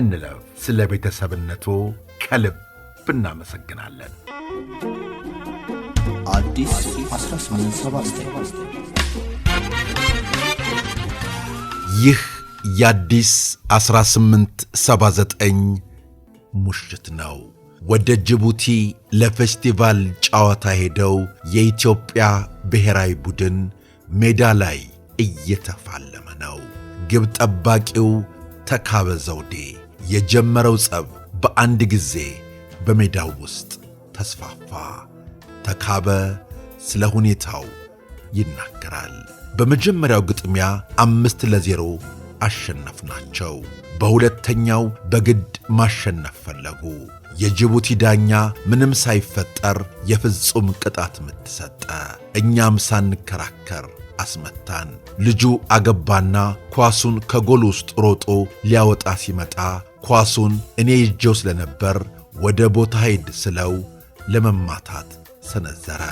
እንለፍ። ስለ ቤተሰብነቱ ከልብ እናመሰግናለን። ይህ የአዲስ 1879 ሙሽት ነው። ወደ ጅቡቲ ለፌስቲቫል ጨዋታ ሄደው የኢትዮጵያ ብሔራዊ ቡድን ሜዳ ላይ እየተፋለመ ነው። ግብ ጠባቂው ተካበ ዘውዴ የጀመረው ጸብ በአንድ ጊዜ በሜዳው ውስጥ ተስፋፋ፣ ተካበ፣ ስለ ሁኔታው ይናገራል። በመጀመሪያው ግጥሚያ አምስት ለዜሮ አሸነፍናቸው። በሁለተኛው በግድ ማሸነፍ ፈለጉ። የጅቡቲ ዳኛ ምንም ሳይፈጠር የፍጹም ቅጣት ምት ሰጠ። እኛም ሳንከራከር አስመታን። ልጁ አገባና ኳሱን ከጎል ውስጥ ሮጦ ሊያወጣ ሲመጣ ኳሱን እኔ ይዤው ስለነበር ወደ ቦታ ሂድ ስለው ለመማታት ሰነዘረ።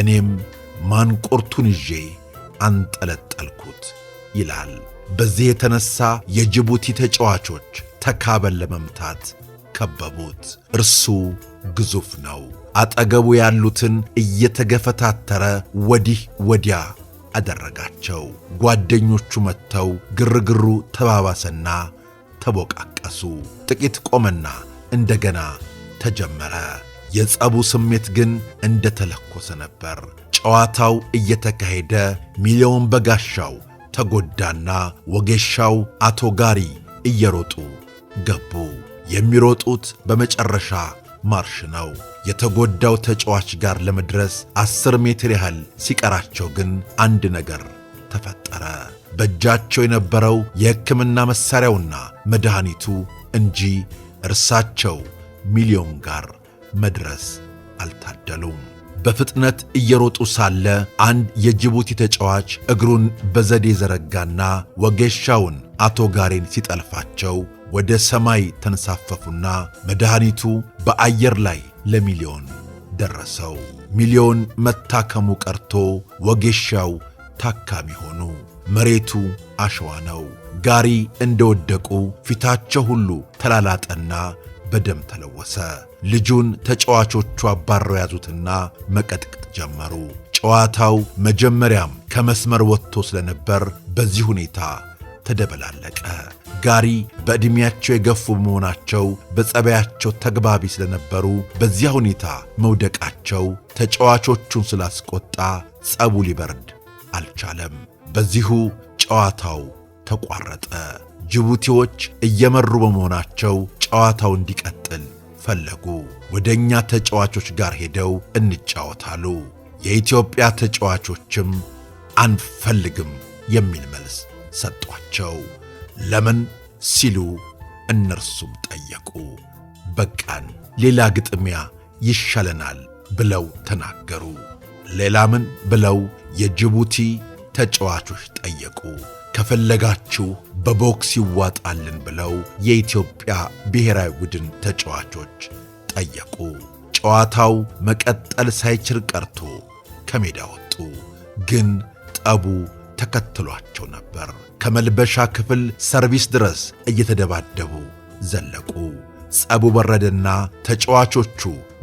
እኔም ማንቆርቱን ይዤ አንጠለጠልኩት ይላል። በዚህ የተነሳ የጅቡቲ ተጫዋቾች ተካበን ለመምታት ከበቡት። እርሱ ግዙፍ ነው። አጠገቡ ያሉትን እየተገፈታተረ ወዲህ ወዲያ አደረጋቸው። ጓደኞቹ መጥተው ግርግሩ ተባባሰና ተቦቃቀሱ። ጥቂት ቆመና እንደገና ተጀመረ። የጸቡ ስሜት ግን እንደተለኮሰ ነበር። ጨዋታው እየተካሄደ ሚሊዮን በጋሻው ተጎዳና ወጌሻው አቶ ጋሪ እየሮጡ ገቡ። የሚሮጡት በመጨረሻ ማርሽ ነው። የተጎዳው ተጫዋች ጋር ለመድረስ አስር ሜትር ያህል ሲቀራቸው ግን አንድ ነገር ተፈጠረ። በእጃቸው የነበረው የሕክምና መሣሪያውና መድኃኒቱ እንጂ እርሳቸው ሚሊዮን ጋር መድረስ አልታደሉም። በፍጥነት እየሮጡ ሳለ አንድ የጅቡቲ ተጫዋች እግሩን በዘዴ ዘረጋና ወጌሻውን አቶ ጋሬን ሲጠልፋቸው ወደ ሰማይ ተንሳፈፉና መድኃኒቱ በአየር ላይ ለሚሊዮን ደረሰው። ሚሊዮን መታከሙ ቀርቶ ወጌሻው ታካሚ ሆኑ። መሬቱ አሸዋ ነው። ጋሪ እንደወደቁ ፊታቸው ሁሉ ተላላጠና በደም ተለወሰ። ልጁን ተጫዋቾቹ አባረው ያዙትና መቀጥቀጥ ጀመሩ። ጨዋታው መጀመሪያም ከመስመር ወጥቶ ስለነበር በዚህ ሁኔታ ተደበላለቀ። ጋሪ በዕድሜያቸው የገፉ በመሆናቸው በጸባያቸው ተግባቢ ስለነበሩ በዚያ ሁኔታ መውደቃቸው ተጫዋቾቹን ስላስቆጣ ጸቡ ሊበርድ አልቻለም። በዚሁ ጨዋታው ተቋረጠ። ጅቡቲዎች እየመሩ በመሆናቸው ጨዋታው እንዲቀጥል ፈለጉ። ወደ እኛ ተጫዋቾች ጋር ሄደው እንጫወታሉ። የኢትዮጵያ ተጫዋቾችም አንፈልግም የሚል መልስ ሰጧቸው። ለምን ሲሉ እነርሱም ጠየቁ። በቃን ሌላ ግጥሚያ ይሻለናል ብለው ተናገሩ። ሌላ ምን ብለው የጅቡቲ ተጫዋቾች ጠየቁ። ከፈለጋችሁ በቦክስ ይዋጣልን ብለው የኢትዮጵያ ብሔራዊ ቡድን ተጫዋቾች ጠየቁ። ጨዋታው መቀጠል ሳይችል ቀርቶ ከሜዳ ወጡ። ግን ጠቡ ተከትሏቸው ነበር። ከመልበሻ ክፍል ሰርቪስ ድረስ እየተደባደቡ ዘለቁ። ጸቡ በረደና ተጫዋቾቹ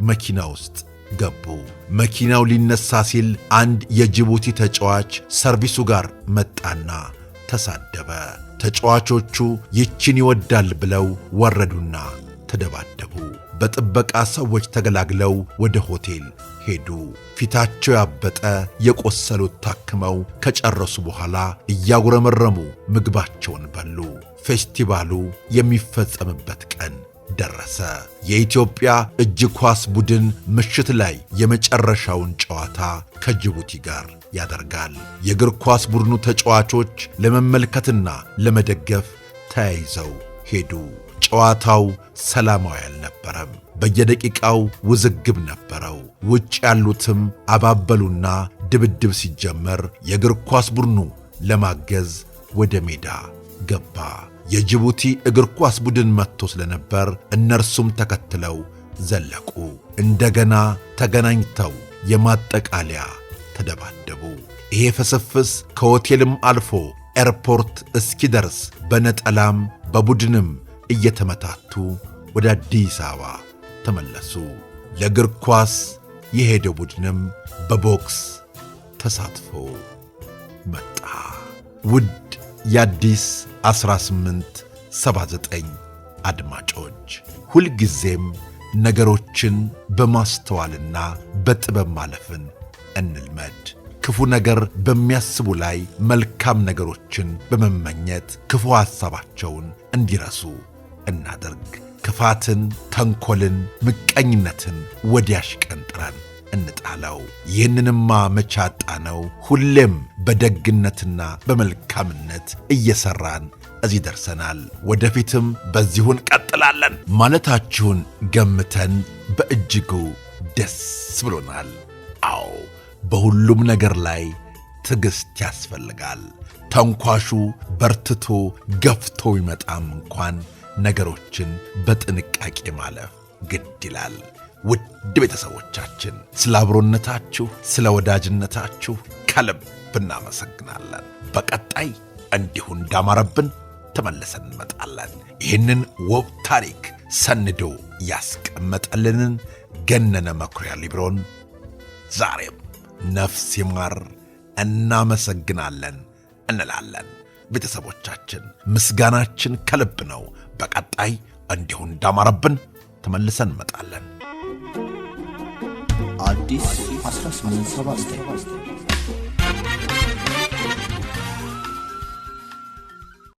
መኪና ውስጥ ገቡ። መኪናው ሊነሳ ሲል አንድ የጅቡቲ ተጫዋች ሰርቪሱ ጋር መጣና ተሳደበ። ተጫዋቾቹ ይችን ይወዳል ብለው ወረዱና ተደባደቡ። በጥበቃ ሰዎች ተገላግለው ወደ ሆቴል ሄዱ። ፊታቸው ያበጠ የቆሰሉት ታክመው ከጨረሱ በኋላ እያጉረመረሙ ምግባቸውን በሉ። ፌስቲቫሉ የሚፈጸምበት ቀን ደረሰ። የኢትዮጵያ እጅ ኳስ ቡድን ምሽት ላይ የመጨረሻውን ጨዋታ ከጅቡቲ ጋር ያደርጋል። የእግር ኳስ ቡድኑ ተጫዋቾች ለመመልከትና ለመደገፍ ተያይዘው ሄዱ። ጨዋታው ሰላማዊ አልነበረም። በየደቂቃው ውዝግብ ነበረው። ውጭ ያሉትም አባበሉና ድብድብ ሲጀመር የእግር ኳስ ቡድኑ ለማገዝ ወደ ሜዳ ገባ። የጅቡቲ እግር ኳስ ቡድን መጥቶ ስለነበር እነርሱም ተከትለው ዘለቁ። እንደገና ተገናኝተው የማጠቃለያ ተደባደቡ። ይሄ ፍስፍስ ከሆቴልም አልፎ ኤርፖርት እስኪደርስ በነጠላም በቡድንም እየተመታቱ ወደ አዲስ አበባ ተመለሱ። ለእግር ኳስ የሄደው ቡድንም በቦክስ ተሳትፎ መጣ። ውድ የአዲስ 1879 አድማጮች ሁልጊዜም ነገሮችን በማስተዋልና በጥበብ ማለፍን እንልመድ። ክፉ ነገር በሚያስቡ ላይ መልካም ነገሮችን በመመኘት ክፉ ሐሳባቸውን እንዲረሱ እናደርግ። ክፋትን፣ ተንኮልን፣ ምቀኝነትን ወዲያሽ ቀንጥረን እንጣለው። ይህንንማ መቻጣ ነው። ሁሌም በደግነትና በመልካምነት እየሰራን እዚህ ደርሰናል። ወደፊትም በዚሁን ቀጥላለን። ማለታችሁን ገምተን በእጅጉ ደስ ብሎናል። አዎ በሁሉም ነገር ላይ ትዕግሥት ያስፈልጋል። ተንኳሹ በርትቶ ገፍቶ ይመጣም እንኳን ነገሮችን በጥንቃቄ ማለፍ ግድ ይላል። ውድ ቤተሰቦቻችን ስለ አብሮነታችሁ፣ ስለ ወዳጅነታችሁ ከልብ እናመሰግናለን። በቀጣይ እንዲሁ እንዳማረብን ተመልሰን እንመጣለን። ይህንን ውብ ታሪክ ሰንዶ ያስቀመጠልንን ገነነ መኩሪያ ሊብሮን ዛሬም ነፍስ ይማር እናመሰግናለን እንላለን። ቤተሰቦቻችን ምስጋናችን ከልብ ነው። በቀጣይ እንዲሁ እንዳማረብን ተመልሰን እንመጣለን። አዲስ 1879